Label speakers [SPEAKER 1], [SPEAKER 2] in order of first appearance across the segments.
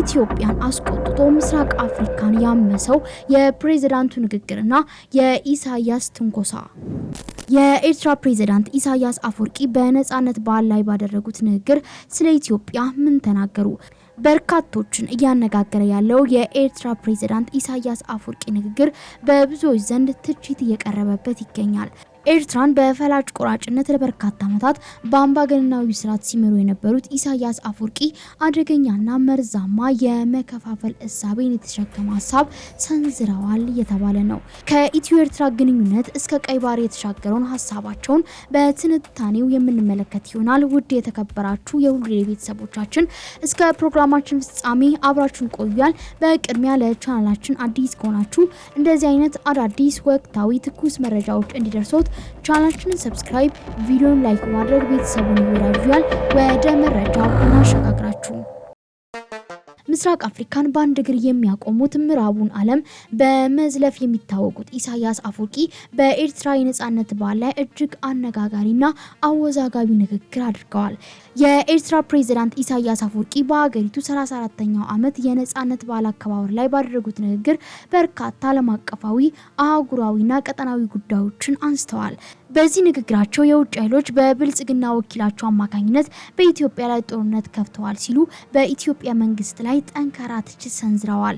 [SPEAKER 1] ኢትዮጵያን አስቆጥቶ ምስራቅ አፍሪካን ያመሰው የፕሬዝዳንቱ ንግግርና የኢሳያስ ትንኮሳ። የኤርትራ ፕሬዝዳንት ኢሳያስ አፈወርቂ በነጻነት በዓል ላይ ባደረጉት ንግግር ስለ ኢትዮጵያ ምን ተናገሩ? በርካቶችን እያነጋገረ ያለው የኤርትራ ፕሬዝዳንት ኢሳያስ አፈወርቂ ንግግር በብዙዎች ዘንድ ትችት እየቀረበበት ይገኛል። ኤርትራን በፈላጭ ቆራጭነት ለበርካታ ዓመታት በአምባገነናዊ ስርዓት ሲመሩ የነበሩት ኢሳያስ አፈወርቂ አደገኛና መርዛማ የመከፋፈል እሳቤን የተሸከመ ሀሳብ ሰንዝረዋል እየተባለ ነው። ከኢትዮ ኤርትራ ግንኙነት እስከ ቀይ ባህር የተሻገረውን ሀሳባቸውን በትንታኔው የምንመለከት ይሆናል። ውድ የተከበራችሁ የሁሉ ቤተሰቦቻችን እስከ ፕሮግራማችን ፍጻሜ አብራችሁን ቆያል። በቅድሚያ ለቻናላችን አዲስ ከሆናችሁ እንደዚህ አይነት አዳዲስ ወቅታዊ ትኩስ መረጃዎች እንዲደርሶት ቻናላችንን ሰብስክራይብ፣ ቪዲዮን ላይክ ማድረግ ቤተሰቡን ይወዳጁያል። ወደ መረጃው እናሸጋግራችሁ። ምስራቅ አፍሪካን በአንድ እግር የሚያቆሙት ምዕራቡን ዓለም በመዝለፍ የሚታወቁት ኢሳያስ አፈወርቂ በኤርትራ የነፃነት በዓል ላይ እጅግ አነጋጋሪና አወዛጋቢ ንግግር አድርገዋል። የኤርትራ ፕሬዚዳንት ኢሳያስ አፈወርቂ በሀገሪቱ 34ተኛው ዓመት የነፃነት በዓል አከባበር ላይ ባደረጉት ንግግር በርካታ ዓለም አቀፋዊ አህጉራዊና ቀጠናዊ ጉዳዮችን አንስተዋል። በዚህ ንግግራቸው የውጭ ኃይሎች በብልጽግና ወኪላቸው አማካኝነት በኢትዮጵያ ላይ ጦርነት ከፍተዋል ሲሉ በኢትዮጵያ መንግስት ላይ ጠንካራ ትችት ሰንዝረዋል።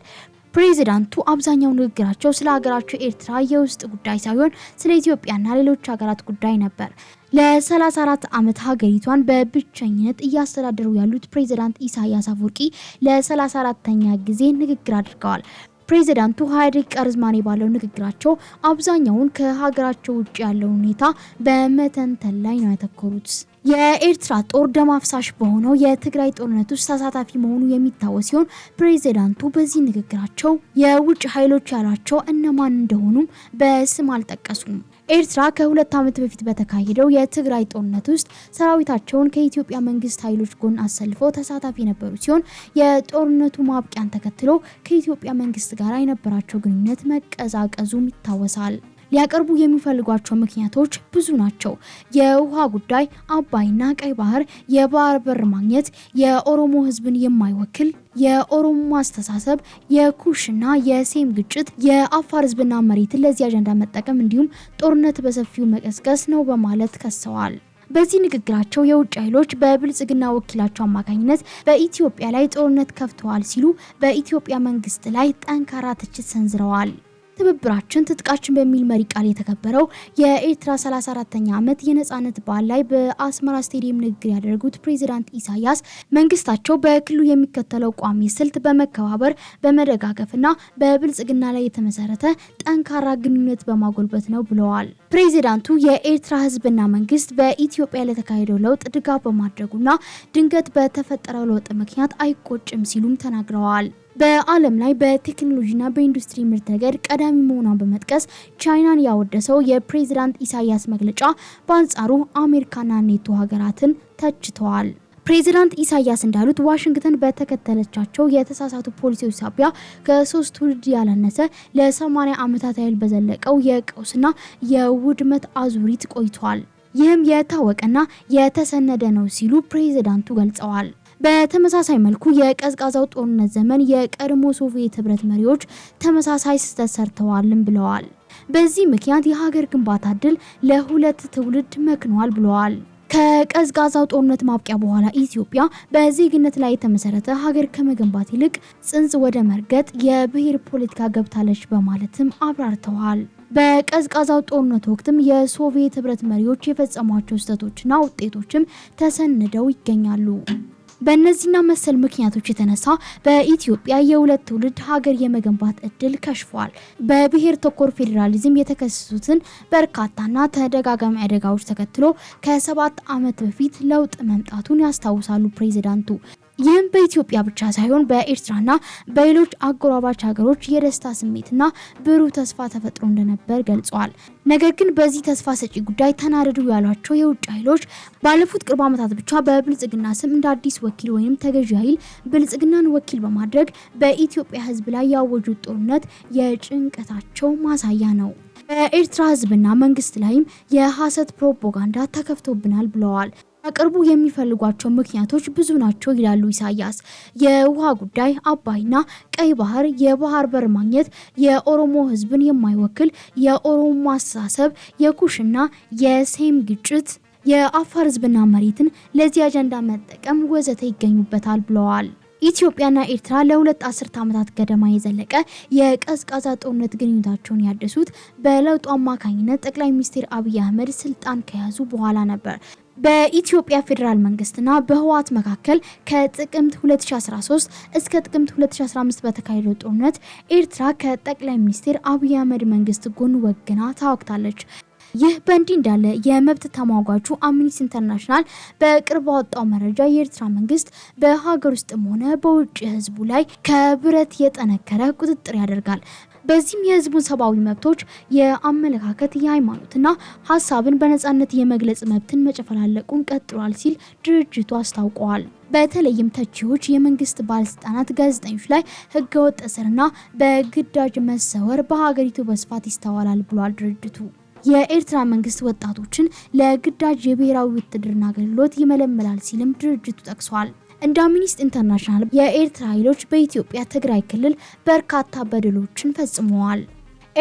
[SPEAKER 1] ፕሬዚዳንቱ አብዛኛው ንግግራቸው ስለ ሀገራቸው ኤርትራ የውስጥ ጉዳይ ሳይሆን ስለ ኢትዮጵያና ሌሎች ሀገራት ጉዳይ ነበር። ለ34 ዓመት ሀገሪቷን በብቸኝነት እያስተዳደሩ ያሉት ፕሬዚዳንት ኢሳያስ አፈወርቂ ለ34ተኛ ጊዜ ንግግር አድርገዋል። ፕሬዚዳንቱ ሀይሪክ ቀርዝማኒ ባለው ንግግራቸው አብዛኛውን ከሀገራቸው ውጭ ያለው ሁኔታ በመተንተን ላይ ነው ያተኮሩት። የኤርትራ ጦር ደም አፍሳሽ በሆነው የትግራይ ጦርነት ውስጥ ተሳታፊ መሆኑ የሚታወስ ሲሆን ፕሬዚዳንቱ በዚህ ንግግራቸው የውጭ ኃይሎች ያሏቸው እነማን እንደሆኑም በስም አልጠቀሱም። ኤርትራ ከሁለት ዓመት በፊት በተካሄደው የትግራይ ጦርነት ውስጥ ሰራዊታቸውን ከኢትዮጵያ መንግስት ኃይሎች ጎን አሰልፈው ተሳታፊ የነበሩ ሲሆን የጦርነቱ ማብቂያን ተከትሎ ከኢትዮጵያ መንግስት ጋር የነበራቸው ግንኙነት መቀዛቀዙም ይታወሳል። ሊያቀርቡ የሚፈልጓቸው ምክንያቶች ብዙ ናቸው። የውሃ ጉዳይ፣ አባይና ቀይ ባህር፣ የባህር በር ማግኘት፣ የኦሮሞ ህዝብን የማይወክል የኦሮሞ አስተሳሰብ፣ የኩሽና የሴም ግጭት፣ የአፋር ህዝብና መሬትን ለዚህ አጀንዳ መጠቀም እንዲሁም ጦርነት በሰፊው መቀስቀስ ነው በማለት ከሰዋል። በዚህ ንግግራቸው የውጭ ኃይሎች በብልጽግና ወኪላቸው አማካኝነት በኢትዮጵያ ላይ ጦርነት ከፍተዋል ሲሉ በኢትዮጵያ መንግስት ላይ ጠንካራ ትችት ሰንዝረዋል። ትብብራችን ትጥቃችን በሚል መሪ ቃል የተከበረው የኤርትራ 34ተኛ ዓመት የነጻነት በዓል ላይ በአስመራ ስቴዲየም ንግግር ያደረጉት ፕሬዚዳንት ኢሳያስ መንግስታቸው በክልሉ የሚከተለው ቋሚ ስልት በመከባበር በመደጋገፍና በብልጽግና ላይ የተመሰረተ ጠንካራ ግንኙነት በማጎልበት ነው ብለዋል። ፕሬዚዳንቱ የኤርትራ ህዝብና መንግስት በኢትዮጵያ ለተካሄደው ለውጥ ድጋፍ በማድረጉና ድንገት በተፈጠረው ለውጥ ምክንያት አይቆጭም ሲሉም ተናግረዋል። በዓለም ላይ በቴክኖሎጂና በኢንዱስትሪ ምርት ነገድ ቀዳሚ መሆኗን በመጥቀስ ቻይናን ያወደሰው የፕሬዚዳንት ኢሳያስ መግለጫ በአንጻሩ አሜሪካና ኔቶ ሀገራትን ተችተዋል። ፕሬዚዳንት ኢሳያስ እንዳሉት ዋሽንግተን በተከተለቻቸው የተሳሳቱ ፖሊሲዎች ሳቢያ ከሶስት ትውልድ ያላነሰ ለ80 ዓመታት ያህል በዘለቀው የቀውስና የውድመት አዙሪት ቆይቷል። ይህም የታወቀና የተሰነደ ነው ሲሉ ፕሬዚዳንቱ ገልጸዋል። በተመሳሳይ መልኩ የቀዝቃዛው ጦርነት ዘመን የቀድሞ ሶቪየት ህብረት መሪዎች ተመሳሳይ ስህተት ሰርተዋልም ብለዋል። በዚህ ምክንያት የሀገር ግንባታ እድል ለሁለት ትውልድ መክኗል ብለዋል። ከቀዝቃዛው ጦርነት ማብቂያ በኋላ ኢትዮጵያ በዜግነት ላይ የተመሰረተ ሀገር ከመገንባት ይልቅ ጽንስ ወደ መርገጥ የብሔር ፖለቲካ ገብታለች በማለትም አብራርተዋል። በቀዝቃዛው ጦርነት ወቅትም የሶቪየት ህብረት መሪዎች የፈጸሟቸው ስህተቶችና ውጤቶችም ተሰንደው ይገኛሉ። በእነዚህና መሰል ምክንያቶች የተነሳ በኢትዮጵያ የሁለት ትውልድ ሀገር የመገንባት እድል ከሽፏል። በብሔር ተኮር ፌዴራሊዝም የተከሰቱትን በርካታና ተደጋጋሚ አደጋዎች ተከትሎ ከሰባት ዓመት በፊት ለውጥ መምጣቱን ያስታውሳሉ ፕሬዚዳንቱ። ይህም በኢትዮጵያ ብቻ ሳይሆን በኤርትራና በሌሎች አጎራባች ሀገሮች የደስታ ስሜትና ብሩህ ተስፋ ተፈጥሮ እንደነበር ገልጸዋል። ነገር ግን በዚህ ተስፋ ሰጪ ጉዳይ ተናደዱ ያሏቸው የውጭ ኃይሎች ባለፉት ቅርብ ዓመታት ብቻ በብልጽግና ስም እንደ አዲስ ወኪል ወይም ተገዢ ኃይል ብልጽግናን ወኪል በማድረግ በኢትዮጵያ ሕዝብ ላይ ያወጁት ጦርነት የጭንቀታቸው ማሳያ ነው። በኤርትራ ሕዝብና መንግስት ላይም የሐሰት ፕሮፓጋንዳ ተከፍቶብናል ብለዋል። ያቅርቡ የሚፈልጓቸው ምክንያቶች ብዙ ናቸው ይላሉ ኢሳያስ። የውሃ ጉዳይ፣ አባይና ቀይ ባህር፣ የባህር በር ማግኘት፣ የኦሮሞ ህዝብን የማይወክል የኦሮሞ አስተሳሰብ፣ የኩሽና የሴም ግጭት፣ የአፋር ህዝብና መሬትን ለዚህ አጀንዳ መጠቀም ወዘተ ይገኙበታል ብለዋል። ኢትዮጵያና ኤርትራ ለሁለት አስርት ዓመታት ገደማ የዘለቀ የቀዝቃዛ ጦርነት ግንኙነታቸውን ያደሱት በለውጡ አማካኝነት ጠቅላይ ሚኒስትር አብይ አህመድ ስልጣን ከያዙ በኋላ ነበር። በኢትዮጵያ ፌዴራል መንግስትና በህወሓት መካከል ከጥቅምት 2013 እስከ ጥቅምት 2015 በተካሄደው ጦርነት ኤርትራ ከጠቅላይ ሚኒስትር አብይ አህመድ መንግስት ጎን ወግና ታወቅታለች። ይህ በእንዲህ እንዳለ የመብት ተሟጓቹ አምኒስቲ ኢንተርናሽናል በቅርብ ባወጣው መረጃ የኤርትራ መንግስት በሀገር ውስጥም ሆነ በውጭ ህዝቡ ላይ ከብረት የጠነከረ ቁጥጥር ያደርጋል። በዚህም የህዝቡን ሰብአዊ መብቶች የአመለካከት የሃይማኖትና ሀሳብን በነጻነት የመግለጽ መብትን መጨፈላለቁን ቀጥሏል ሲል ድርጅቱ አስታውቀዋል። በተለይም ተቺዎች የመንግስት ባለስልጣናት ጋዜጠኞች ላይ ህገወጥ እስርና በግዳጅ መሰወር በሀገሪቱ በስፋት ይስተዋላል ብሏል ድርጅቱ። የኤርትራ መንግስት ወጣቶችን ለግዳጅ የብሔራዊ ውትድርና አገልግሎት ይመለመላል ሲልም ድርጅቱ ጠቅሷል። እንደ አምኒስቲ ኢንተርናሽናል የኤርትራ ኃይሎች በኢትዮጵያ ትግራይ ክልል በርካታ በደሎችን ፈጽመዋል።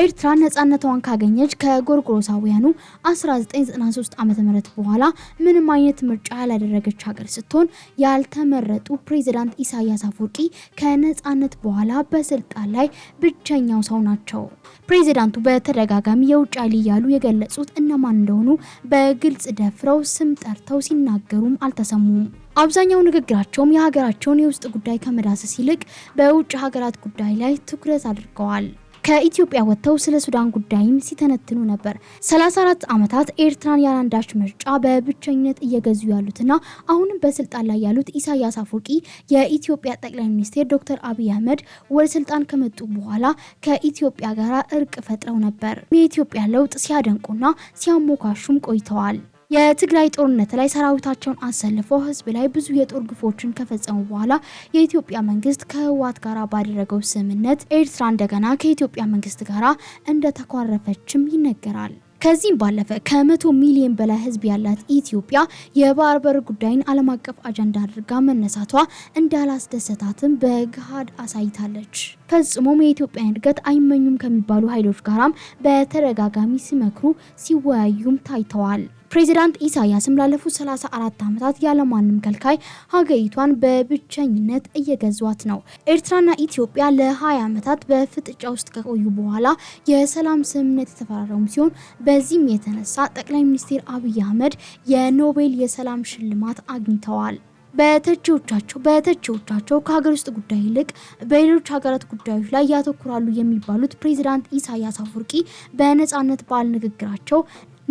[SPEAKER 1] ኤርትራ ነጻነቷን ካገኘች ከጎርጎሮሳውያኑ 1993 ዓ.ም በኋላ ምንም አይነት ምርጫ ያላደረገች ሀገር ስትሆን ያልተመረጡ ፕሬዚዳንት ኢሳያስ አፈወርቂ ከነጻነት በኋላ በስልጣን ላይ ብቸኛው ሰው ናቸው። ፕሬዚዳንቱ በተደጋጋሚ የውጭ ኃይል እያሉ የገለጹት እነማን እንደሆኑ በግልጽ ደፍረው ስም ጠርተው ሲናገሩም አልተሰሙም። አብዛኛው ንግግራቸውም የሀገራቸውን የውስጥ ጉዳይ ከመዳሰስ ይልቅ በውጭ ሀገራት ጉዳይ ላይ ትኩረት አድርገዋል። ከኢትዮጵያ ወጥተው ስለ ሱዳን ጉዳይም ሲተነትኑ ነበር። 34 ዓመታት ኤርትራን ያላንዳች ምርጫ በብቸኝነት እየገዙ ያሉትና አሁንም በስልጣን ላይ ያሉት ኢሳያስ አፈወርቂ የኢትዮጵያ ጠቅላይ ሚኒስትር ዶክተር አብይ አህመድ ወደ ስልጣን ከመጡ በኋላ ከኢትዮጵያ ጋር እርቅ ፈጥረው ነበር። የኢትዮጵያ ለውጥ ሲያደንቁና ሲያሞካሹም ቆይተዋል። የትግራይ ጦርነት ላይ ሰራዊታቸውን አሰልፈው ህዝብ ላይ ብዙ የጦር ግፎችን ከፈጸሙ በኋላ የኢትዮጵያ መንግስት ከህወሓት ጋር ባደረገው ስምምነት ኤርትራ እንደገና ከኢትዮጵያ መንግስት ጋር እንደተኳረፈችም ይነገራል። ከዚህም ባለፈ ከመቶ ሚሊዮን በላይ ህዝብ ያላት ኢትዮጵያ የባህር በር ጉዳይን ዓለም አቀፍ አጀንዳ አድርጋ መነሳቷ እንዳላስደሰታትም በግሃድ አሳይታለች። ፈጽሞም የኢትዮጵያን እድገት አይመኙም ከሚባሉ ኃይሎች ጋራም በተደጋጋሚ ሲመክሩ ሲወያዩም ታይተዋል። ፕሬዚዳንት ኢሳያስም ላለፉት 34 ዓመታት ያለማንም ከልካይ ሀገሪቷን በብቸኝነት እየገዟት ነው። ኤርትራና ኢትዮጵያ ለ20 ዓመታት በፍጥጫ ውስጥ ከቆዩ በኋላ የሰላም ስምምነት የተፈራረሙ ሲሆን በዚህም የተነሳ ጠቅላይ ሚኒስትር አብይ አህመድ የኖቤል የሰላም ሽልማት አግኝተዋል። በተቺዎቻቸው በተቺዎቻቸው ከሀገር ውስጥ ጉዳይ ይልቅ በሌሎች ሀገራት ጉዳዮች ላይ ያተኩራሉ የሚባሉት ፕሬዚዳንት ኢሳያስ አፈወርቂ በነጻነት ባል ንግግራቸው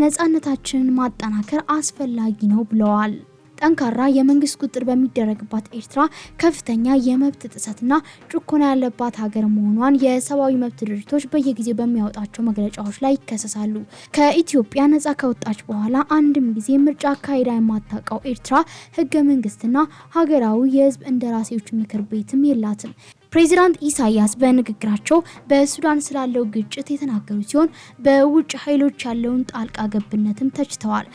[SPEAKER 1] ነፃነታችንን ማጠናከር አስፈላጊ ነው ብለዋል። ጠንካራ የመንግስት ቁጥር በሚደረግባት ኤርትራ ከፍተኛ የመብት ጥሰትና ጭቆና ያለባት ሀገር መሆኗን የሰብአዊ መብት ድርጅቶች በየጊዜው በሚያወጣቸው መግለጫዎች ላይ ይከሰሳሉ። ከኢትዮጵያ ነጻ ከወጣች በኋላ አንድም ጊዜ ምርጫ አካሄዳ የማታውቀው ኤርትራ ህገ መንግስትና ሀገራዊ የህዝብ እንደራሴዎች ምክር ቤትም የላትም። ፕሬዚዳንት ኢሳያስ በንግግራቸው በሱዳን ስላለው ግጭት የተናገሩ ሲሆን በውጭ ኃይሎች ያለውን ጣልቃ ገብነትም ተችተዋል።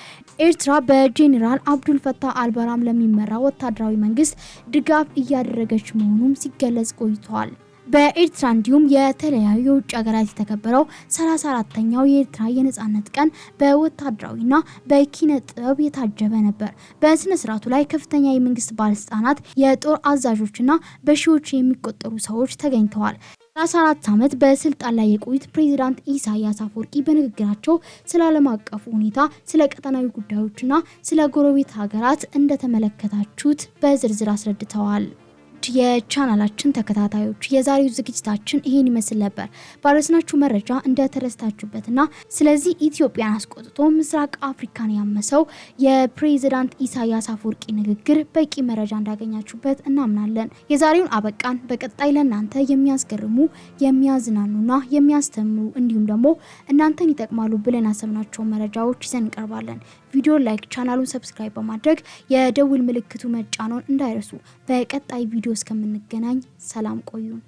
[SPEAKER 1] ኤርትራ በጄኔራል አብዱልፈታ አልበራም ለሚመራ ወታደራዊ መንግስት ድጋፍ እያደረገች መሆኑም ሲገለጽ ቆይተዋል። በኤርትራ እንዲሁም የተለያዩ የውጭ ሀገራት የተከበረው 34ተኛው የኤርትራ የነጻነት ቀን በወታደራዊና በኪነ ጥበብ የታጀበ ነበር። በስነ ስርዓቱ ላይ ከፍተኛ የመንግስት ባለስልጣናት፣ የጦር አዛዦችና በሺዎች የሚቆጠሩ ሰዎች ተገኝተዋል። 34 ዓመት በስልጣን ላይ የቆዩት ፕሬዚዳንት ኢሳያስ አፈወርቂ በንግግራቸው ስለ ዓለም አቀፉ ሁኔታ፣ ስለ ቀጠናዊ ጉዳዮችና ስለ ጎረቤት ሀገራት እንደተመለከታችሁት በዝርዝር አስረድተዋል። የቻናላችን ተከታታዮች የዛሬው ዝግጅታችን ይህን ይመስል ነበር። ባረስናችሁ መረጃ ና ስለዚህ ኢትዮጵያን አስቆጥቶ ምስራቅ አፍሪካን ያመሰው የፕሬዚዳንት ኢሳያስ አፈወርቂ ንግግር በቂ መረጃ እንዳገኛችሁበት እናምናለን። የዛሬውን አበቃን። በቀጣይ ለእናንተ የሚያስገርሙ የሚያዝናኑና የሚያስተምሩ እንዲሁም ደግሞ እናንተን ይጠቅማሉ ብለን ያሰብናቸውን መረጃዎች ይዘን እንቀርባለን። ቪዲዮ ላይክ፣ ቻናሉን ሰብስክራይብ በማድረግ የደውል ምልክቱ መጫኖን እንዳይረሱ። በቀጣይ ቪዲዮ እስከምንገናኝ ሰላም ቆዩን።